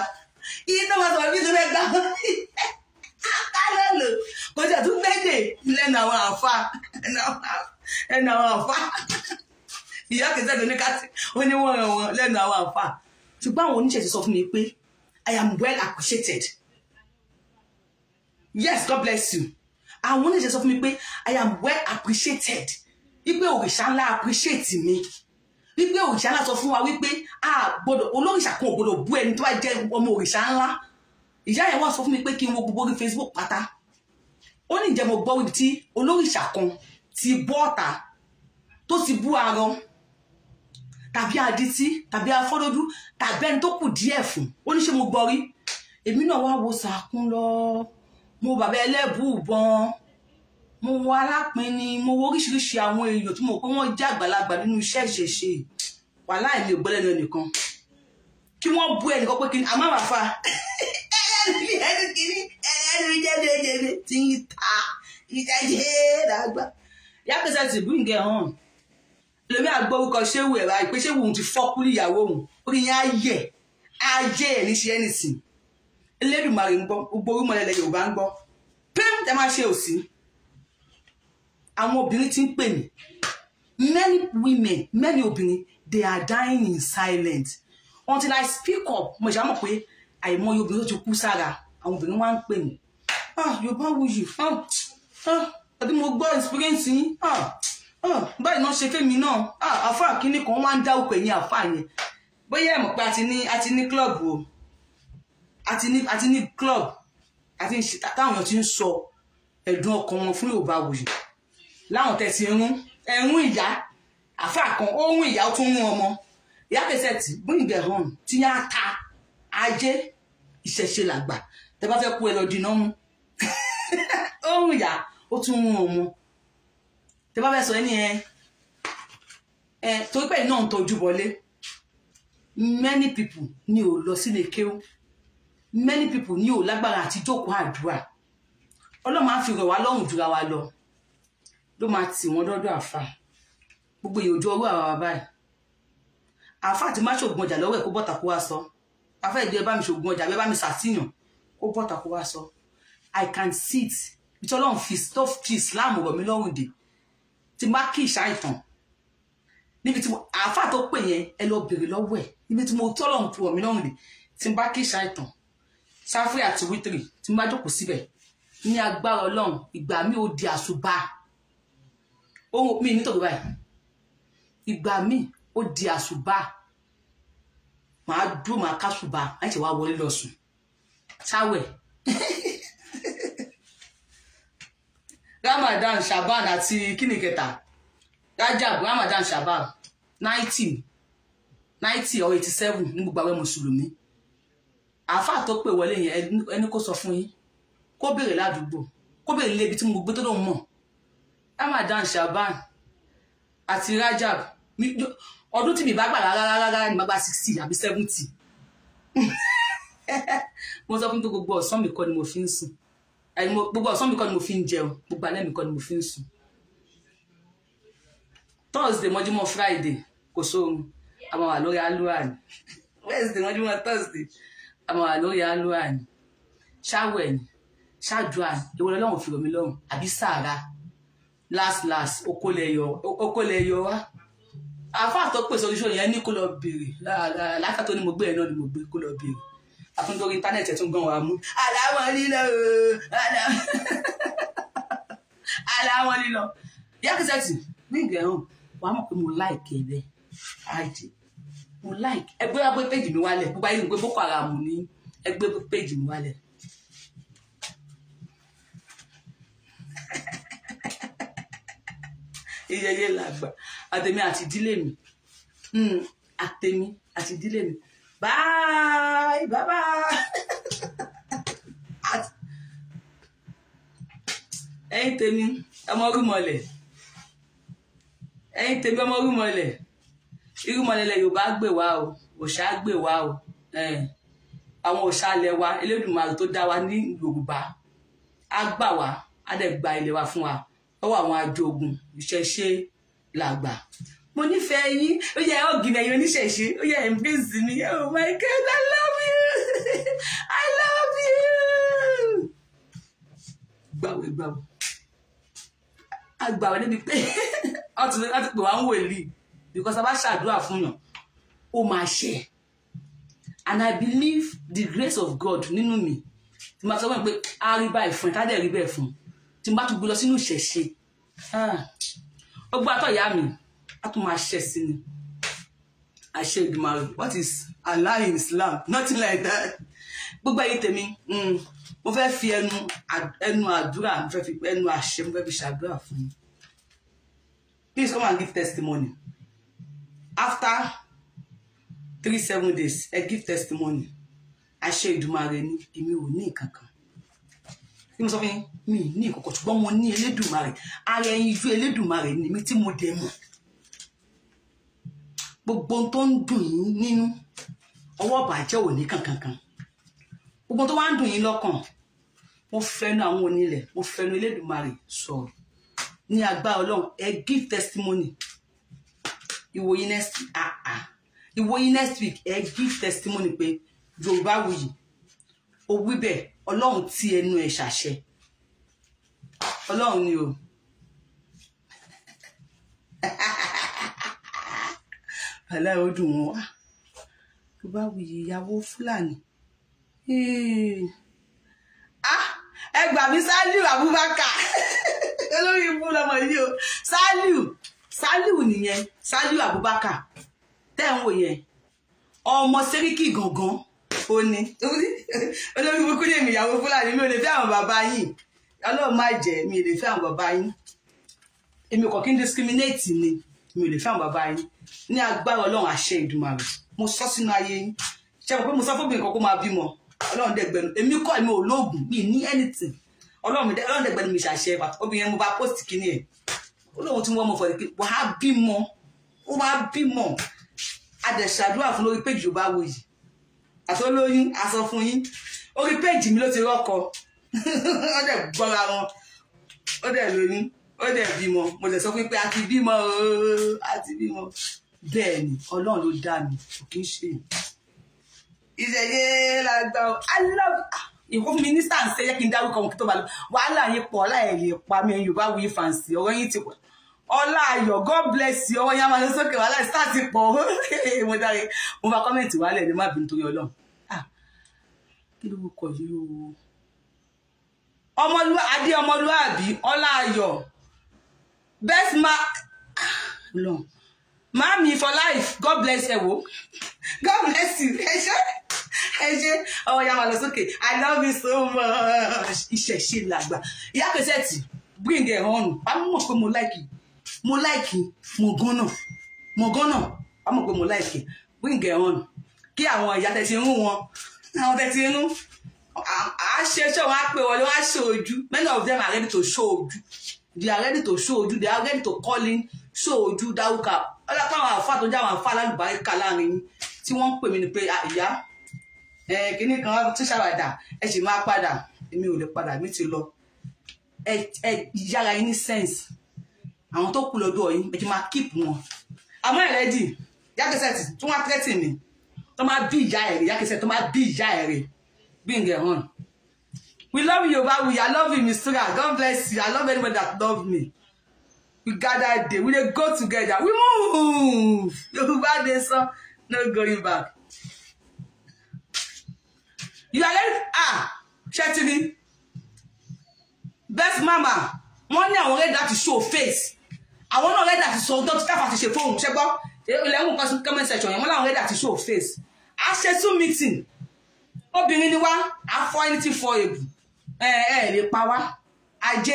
iná wa sọ̀rọ̀ bí tó fẹ́ gbà kálẹ̀lò kò sí àtúntẹ́jẹ̀ lẹ́nu àwọn àfa ẹnu àwọn àfa ìyá kìí sẹ́nu oníkàtí oníwọ̀n wọn lẹ́nu àwọn àǹfà ṣùgbọ́n àwọn oníṣẹ̀ṣẹ̀ sọ fún mi pé I am well appreciated yes God bless you àwọn oníṣẹ̀ṣẹ̀ sọ fún mi pé I am well appreciated wípé òrìṣà ńlá appreciate mi wípé òrìṣà ńlá sọ fún wa wípé a gbọ́dọ̀ olóríṣà kan ò gbọ́dọ̀ bú ẹni tó bá jẹ́ ọmọ òrìṣà ńlá ìyá yẹn wọ́n sọ fún mi pé kí n wo gbogbo orí Facebook pátá ó ní ìjẹ́ mo gbọ́ wípé tí olóríṣà kan ti bọ́ ọ̀tá tó ti bú arọ tàbí adití tàbí afọ́dọ́dú tàbí ẹni tó kù díẹ̀ fún ó ní ṣe mo gbọ́ rí èmi náà wá wo sàkún lọ mo bàbá ẹlẹ́bùú bọ́n mo wo alápinni mo wo oríṣiríṣi àwọn èèyàn tí mo pé wọ́n jẹ́ àgbàlagbà nínú iṣẹ́ ìṣẹ̀ṣe wàhálà èmi ò gbẹ́lẹ́nu ẹnìkan kí wọ́n bu ẹnìkan pé kí ni àmọ́ àfa ẹlẹ́nu ẹni ti ń ta ìjẹ́jẹ́ dàgbà yàtọ̀ sẹ́sì bú ǹgẹ̀ hàn lèmi àgbórúkọ ṣéwù ẹ̀ báyìí pé ṣéwù òun ti fọ́kú níyàwó òun orí yẹn á yẹ ajé ẹ̀ ní ṣe ẹni sìn Elédùmarè ń gbọ́ gbogbo orí mọ̀lẹ́lẹ̀ Yorùbá ń gbọ́ pẹ́ẹ́n tẹ́ máa ṣe òsì àwọn obìnrin ti ń pè mí many women many obìnrin they are dying in silence until I speak up mo ṣàmọ̀ pé àìmọye obìnrin tó ti kú sára àwọn obìnrin wá ń pè mí ah Yorùbá wuyì ah ah àbí mo gbọ́ experience yín ah. Ah, báyìí náà ṣe fẹ́mi náà ah, àáfàá kínní kan wá ń dá òkè yín àáfàá yẹn bóyá ẹ mọ̀ pé a ti ní club o a ti ní club táwọn èèyàn ti ń sọ ẹ̀dùn ọkàn wọn fún Yorùbá Wuyì láwọn tẹ̀ sí ẹ̀rún ẹ̀rún ìyá àáfàá kan ó ń ìyá ó tún ń ọmọ ìyá kẹsẹ̀ tí bíǹgẹ̀ hàn tí yá ta ajé ìṣẹ̀ṣe làgbà tẹ bá fẹ́ kú ẹ lọ dìnnà mú ó ń ìyá ó tún ń ọmọ tẹ bá fẹ́ sọ ẹni ẹ ẹ torí pé náà ń tọ́jú bọ́lé many people ni ò lọ sílé kéwú many people ni ò lágbára àti jókòó àdúrà ọlọ́run á fi rọ̀ wá lọ́rùn jura wa lọ ló máa tì wọ́n dọ́dọ̀ àfa gbogbo èèyàn ojú ọwọ́ àwa báyìí àfa àti má ṣògùn ọjà lọ́wọ́ ẹ̀ kó bọ́ta kó wá sọ àfa ìdí ẹ bá mi ṣògùn ọjà ẹ bá mi ṣàtìyàn kó bọ́ta kó wá sọ i can sit ìtọ́lọ́run fi stop fi islam rọ̀ mí lọ́rùn dè ti má kí ìṣàìtàn níbi tí àáfà tó pè yẹn ẹ lọ bèrè lọ́wọ́ ẹ̀ níbi tí mo tọ́lọ̀ ń pọ̀ mí lọ́rùn ni tí bá kí ìṣàìtàn sáfì àti wítìrì tí bá jókòó síbẹ̀ ní agbára ọlọ́run ìgbà mi ò di àṣùbà ohun mi nítorí báyìí ìgbà mi ó di àṣùbà màá dúró màá káṣùbà láti wá wọlé lọ sùn táwẹ̀ Ramadan Shaban àti kíni kẹta Rajab Ramadan Shaban ninety ninety or eighty seven ní gbogbo àwẹ̀ mùsùlùmí àáfàá tó pè wọlé yẹn ẹni kó sọ fún yín kó béèrè ládùúgbò kó béèrè lébi tí mo gbé tó lóun mọ̀ Ramadan Shaban àti Rajab ọdún tí mi bá gbà rárá rárá ni màá gba sixty àbí seventy mo sọ fún pé gbogbo ọ̀sán mi kọ́ ni mo fi ń sùn gbogbo ọ̀sán mi kọ́ ni mo fi ń jẹun gbogbo alẹ́ mi kọ́ ni mo fi ń sùn thursday mọ́júmọ́ friday kò sóorun a máa wà lórí alúwà wednesday mọ́júmọ́ thursday a máa wà lórí alúwà ni ṣáwẹ̀ ni ṣáàdúrà ni èwo lọ́lọ́run fi rọ̀ mí àbí sàárà last last okòlẹ̀yọ wá àfáà tó pèsè oríṣiríṣi yẹn ní kó lọ bèrè látà tó ní mo gbé ẹ̀ náà ni mo gbé kó lọ bèrè àtúndórí íńtánẹ́ẹ̀tì tún gan wa mú aláwọ̀ lílọ aláwọ̀ lílọ yàkùsẹ̀tì ní ìgbẹ̀rún wàá mọ̀ pé mo láìkì ẹ bẹ́ẹ̀ àìjẹ́ mo láìkì ẹgbẹ́ wá gbé péjì mi wálẹ̀ gbogbo ayé gbé boko haram ní ẹgbẹ́ péjì mi wálẹ̀. iyeye làgbà àtẹ̀mí àti ìdílé mi hmm, àtẹ̀mí àti ìdílé mi bye bye bye. ẹ̀yin tèmi ọmọ rúmọlẹ̀ ẹ̀yin tèmi ọmọ rúmọlẹ̀ irúmọlẹ̀lẹ̀ Yorùbá gbè wá o òṣà gbè wá o àwọn òṣà ilẹ̀ wa Elédùmarè tó dá wa ní Yorùbá á gbà wá á dẹ̀ gba ilẹ̀ wa fún wa lọ́wọ́ àwọn ajogun ìṣẹ̀ṣe làgbà mo nífẹ̀ẹ́ yín ó yẹ ọ̀gìnà ẹ̀yin oníṣẹ̀ṣe ó yẹ embrace mi oh my god i love you i love you. gbàwé gbàwé agbàwé débi pé ọtún láti pè wá ń wèlíì because a bá ṣàdúrà fún yàn ó máa ṣe and i believe the grace of god nínú mi tí mo bá sọ wọn pé a rí báyìí fún ẹ tá dẹ̀ rí bẹ́ẹ̀ fún tí mo bá tún gbé lọ sínú ìṣẹ̀ṣe ah. ó gbọ́ àtọ̀ ìyá mi a tún máa ṣẹ̀ sí ni àṣẹ ìgbìmọ̀ what is Allah in Islam nothing like that gbogbo ayé tèmi mm, mo fẹ́ fi ẹnu ẹnu àdúrà mo fẹ́ fi ẹnu àṣẹ mo fẹ́ fi ṣàdúrà fún yín please come and give testimony after three seven days ẹ give testimony àṣẹ Èdùmàrè ni èmi ò ní nǹkan kan tí mo sọ fún yín mi ní ìkọ̀kọ̀ ṣùgbọ́n mo ní Elédùmarè ara ẹyin ju Elédùmarè ni mi tí mo dẹ̀ mọ̀ gbogbo tó ń dùn yín nínú ọwọ́ bàjẹ́ òní kankankan gbogbo tó wá ń dùn yín lọ́kàn mo fẹnu àwọn onílẹ̀ mo fẹnu Elédùmarè sọ̀rọ̀ ní agbára Ọlọ́run ẹ give testimony ìwòyí next ah ah ìwòyí next week ẹ give testimony pé Yorùbáwùyí ó wí bẹ́ẹ̀ Ọlọ́run ti ẹnu ẹ̀ ṣàṣẹ Ọlọ́run ni o. bàlá ò dùn wọn wá ah, tó bá wuyì ìyàwó fúlàní ah, ẹ gbà mí Sàlíù Abubakar olórí ibú lọmọ yìí o Sàlíù Sàlíù nìyẹn Sàlíù Abubakar tẹ́ ń wò yẹn ọmọ sẹ́ríkì gangan ó ní olórí burúkú ní èmi ìyàwó fúlàní mi ò lè fẹ́ àwọn bàbá yìí ọlọ́run má jẹ́ mi ò lè fẹ́ àwọn bàbá yìí èmi kò kí n discriminate ni mi ò lè fẹ́ àwọn bàbá yìí ní agbára ọlọ́run àṣẹ ìdùmarè mo sọ sínú ayé yín ṣe mọ̀ pé mo sọ fóbìnrin kan kó máa bímọ ọlọ́run dẹ̀gbẹ̀nu èmi kọ́ èmi ò lóògùn mi ní anything ọlọ́run dẹ̀gbẹ̀nu mi ṣàṣẹ obìnrin mo bá post kíní ẹ̀ olóhùn tí wọ́n mọ̀ fọ̀rẹ́ pé wàá bímọ ó wàá bímọ adẹ̀ṣàdúrà fún lórí péjì yorùbá wo yìí àtọ́lóyún aṣọ fún yín orí péjì mi ló ti rọ́kọ ó dẹ̀ gbọ́ra wọn ó dẹ̀ lóyún ó dẹ̀ bímọ mo lè sọ fún pé a ti bímọ ooo a ti bímọ bẹ́ẹ̀ ni ọlọ́run ló dá mi kò kí n ṣe ìṣẹ̀yẹ làgbà aláwọ̀ ah, ìkó mínísítà ń sẹ́yẹ́ kí n dárúkọ wọn kí tó bá lọ wàhálà yín pọ̀ ọlá ẹ̀ lè pa mi yorùbá wí fàǹsì ọwọ́ yín ti pọ̀ ọlá ayọ̀ god bless you ọwọ́ yín a máa lọ sókè wàhálà ìsítà ti pọ̀ mo dáre mo máa kọ́mẹ̀ntì wàhálà ẹ̀ ní má bínú torí ọlọ́run ah, kí ló kọ yìí o ọmọlúwàbí ọlá ayọ̀ best ma ah, no, mommy for life god bless you, wo god bless you ẹ ṣe ẹ ṣe ọmọ ìyá lọ sókè i love you so much ìṣẹ̀ṣe làgbà ìyá kẹsẹ̀tì bring ẹ̀ ọ̀run wà á mọ̀ pé mo láìkì mo láìkì mo gánà mo gánà wà á mọ̀ pé mo láìkì bring ẹ̀ ọ̀run kí àwọn ìyá tẹ̀ ti ń wọn àwọn tẹ̀ ti ń à á ṣe ṣé wọn á pè wọlé wọn á ṣe ojú many of them are ready to show ojú they are ready to show you. they are ready to call in show you that we ojú dáwùkà ọlọ́pàá àfa tó ń jẹ́ àwọn àfa alálùbáríkà láàrin yín tí wọ́n ń pè mí ni pé ah, ìyá kìíní kan ti ṣàwàdà ẹ sì máa padà èmi ò lè padà mi ti lọ ẹ yára yín ní sense àwọn tó kù lọ́dọ̀ yín ẹ ti máa keep wọn àmọ́ ẹ̀ rẹ́dì yákẹ́sẹ̀ tí wọ́n á tẹ́tì mi tó máa bí ìyá ẹ̀rẹ̀ yákẹ́sẹ̀ tó máa bí ìyá ẹ̀rẹ̀ bí ǹgẹ̀ hàn. We love you, but We are loving you, Mr. God bless you. I love anyone that loves me. We gather day. We go together. We move. bad, so no going back. You are ready? Ah, to me. Best mama. Wọ́n ní àwọn ready to show face. Àwọn náà ready to show sọ dọ́tí káfà ti ṣe fóun ṣẹ́gbọ́. Ilẹ̀ ń kọ́ sí comment section yẹn. Wọ́n láwọn ready to show face. I said two meeting. Obìnrin ni wá, a fọ ẹni tí fọ ẹ ẹ lè pa wá ajé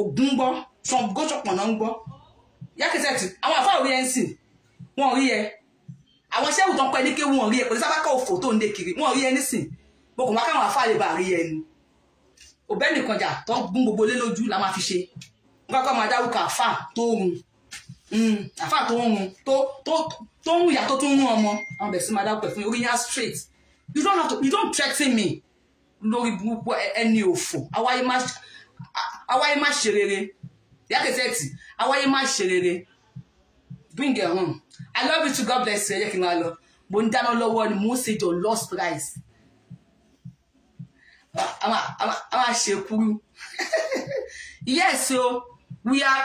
ògún gbọ́ sọ̀ngọ́sọ̀pọ̀nà ń gbọ́ yákẹ́sẹ̀tì àwọn àfáà rí ẹ ń sìn wọn rí ẹ àwọn iṣẹ́ ìwòtán pẹ́ ní ké wọn rí ẹ pẹ̀lú sábàkà òfò tó ń dé kiri wọn rí ẹ nísìn gbogbo wọn káwọn àfáà lè bá rí ẹ ni òbẹ́ nìkan jà tó gún gbogbo lé lójú la máa fi ṣe wọn kọ́ máa dárúkọ àfáà tó run hmm, àfáà tó run tó ń rùn ìyá tó tún rún ọmọ àwọn bẹ̀rẹ̀ sí máa dárúkọ fún orí yá straight you don't have to you don't threaten me lórí burúkú ẹni òfò awáyé má ṣe rere yàkẹ́sẹ̀tì awáyé má ṣe rere bring it home i love you too god bless you ẹ jẹ́ kí n máa lọ mo ń dáná lọ́wọ́ ni mo ń ṣe jọ lost rice a máa ṣe kúrú yes o we are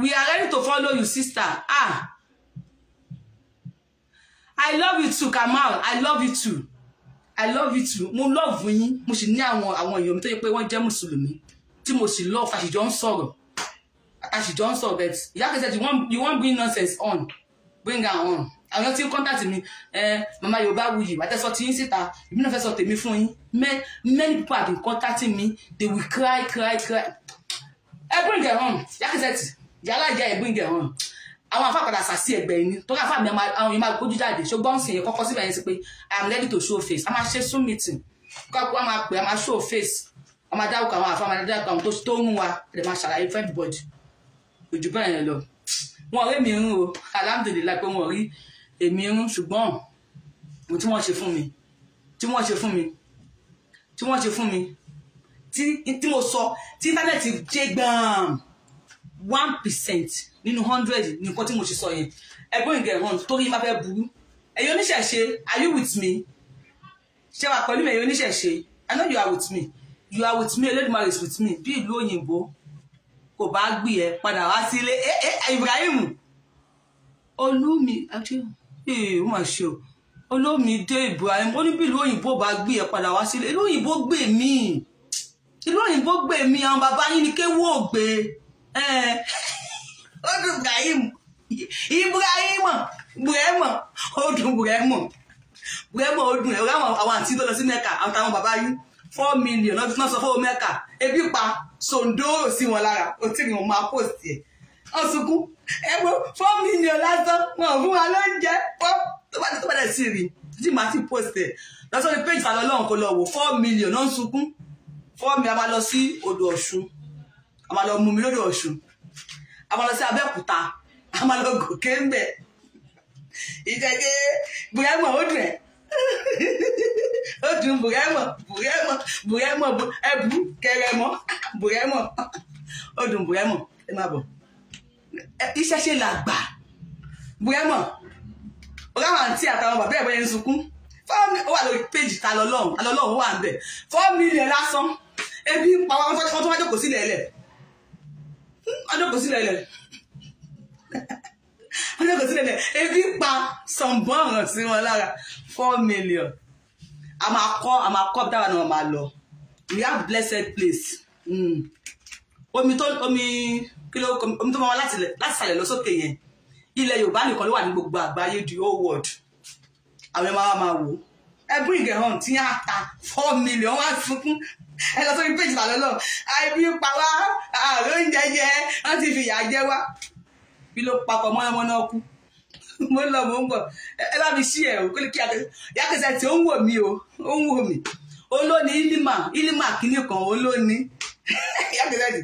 we are ready to follow you sister ah i love you too kamal i love you too i love you too mo love yín mo sì ní àwọn àwọn èèyàn mi tó yẹ pé wọ́n jẹ́ mùsùlùmí tí mo sì love àṣìjọ ń sọ̀rọ̀ àṣìjọ ń sọ̀rọ̀ but ìyá kẹsẹ̀ you wan you wan bring nonsense on bring am on àwọn tí ń contact mi ẹ eh, mama yorùbá wuyì wà á tẹ́sọ tí yín síta èmi náà fẹ́ sọ tèmi fún yín many people have been contacting me they will cry cry cry eh, ẹ bring it on ìyá kẹsẹ̀ tì yàrá ìjà ẹ bring it on àwọn afa padà sà sí ẹgbẹ́ yín tó káfà mi àwọn yìí máa gbójú jáde ṣùgbọ́n sì yẹn kọ́kọ́ síbẹ̀ yẹn sí pé i am ready to show face a máa ṣe zoom meeting kọ́kọ́ a máa pè a máa show face a máa dáwọ́ àwọn afa máa dáwọ́ àwọn tó ń wa lè máa ṣàlàyé fún everybody ojú bẹ́ẹ̀ yẹn lọ wọn rí mi rún o alhamdulilayi pé wọn rí èmi rún ṣùgbọ́n ohun tí wọ́n ṣe fún mi tí wọ́n ṣe fún mi tí wọ́n ṣe fún mi tí mo sọ tí íńtánẹ́ẹ̀tì ṣe gbọ̀n one percent nínú hundred ní nǹkan tí mo ṣe sọ yẹn ẹgbọ́n ìgẹ̀ hàn torí má fẹ́ burú ẹ̀yin oníṣẹ̀ṣe are you with me ṣé wà pẹ̀lú mi ẹ̀yin oníṣẹ̀ṣe I know you are with me you are with me Olódùmarè is with me bí ìlú òyìnbó kò bá gbì ẹ padà wá sílé ẹ eh, ẹ eh, Ibrahim olúmi eh, ó mà ṣe o olómìdé Ibrahim ó ní bí ìlú òyìnbó bá gbé ẹ padà wá sílé ìlú òyìnbó gbè mí ìlú òyìnbó gbè mí àwọn bàbá yín ni kéwú ògbé Eh, odù Ibrahim Ibrahim Ibrahim odù Ibrahim Ibrahim odù ẹ̀ ráwọn àwọn àti tó lọ sí Mẹ́kà àtàwọn bàbá yìí four million náà sọ fún Mẹ́kà ebi pa sondoro sí wọn lára ó tí wọn máa post ẹ̀ ọ̀sùnkún ẹ̀wọ̀ four million lásán wọn ò fún wa lóúnjẹ tó bá tó bá dẹ̀ sí rí tí màá ti post ẹ̀ lọ́sọ̀rọ̀ page ta lọ́lọ́run kò lọ wò four million náà ń sunkún four million máa lọ sí odò Ọ̀ṣun a máa lọ mú mi lódò ọ̀ṣun a máa lọ sí abẹ́òkúta a máa lọ gòkè ń bẹ̀ ìjẹ́jẹ́ bóyá mọ̀ ó dùn ẹ̀ ó dùn bùrẹ́mọ̀ bùrẹ́mọ̀ bùrẹ́mọ̀ ẹ̀bù kẹrẹmọ̀ bùrẹ́mọ̀ ó dùn bùrẹ́mọ̀ ẹ máa bọ̀ iṣẹ́ ṣe là gbà bùrẹ́mọ̀ ọ̀gáwọn àǹtí àtàwọn bàbá ẹ̀ bẹ́ẹ̀ ń sunkún ó wà lórí péjì ta lọ́lọ́run alọ́lọ́run wà ń bẹ̀ fọ́ọ̀mì ilẹ̀ lásán ebi ń pa wọn tó wájú kò sílẹ̀ ẹlẹ̀ ọjọ́ kò sílẹ̀ lẹ̀ ọjọ́ kò sílẹ̀ lẹ̀ ebi pa sọ̀nbọ̀n sí wọn lára four million a máa kọ́ a máa kọ́ dára náà máa lọ we have blessed place hmm. omi tó omi kí ló omi tó máa wá láti sàlẹ̀ lọ sókè yẹn ilẹ̀ Yorùbá nìkan ló wà ní gbogbo àgbáyé the whole world àwọn ẹ̀ máa wá máa wò ó ẹ bring a home tí yẹn á ta four million wá sunkún ẹ lọ sórí péjì tàlọ́ lọ àìbí pa wá àlọ́ oúnjẹ jẹ wọ́n ti fi ìyà jẹ wá bí ló papọ̀ mọ́ ọmọ náà kú mo ń lọ mo ń bọ̀ ẹ bá mi ṣí ẹ̀ o kó lè kí akẹ́kẹ́ yàkẹ́sẹ̀ tí ó ń wò mí o ó ń wò mí olóni ilima ilima kìíní kan olóni yàkẹ́sẹ̀ tí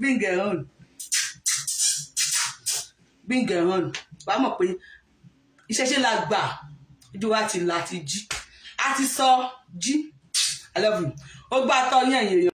bíngẹ̀ hàn bíngẹ̀ wà á mọ̀ pé iṣẹ́ ṣe la gbà ojú wa ti là ti jí a ti sọ jí I love you ó gbá tọ́ yẹ̀yẹ̀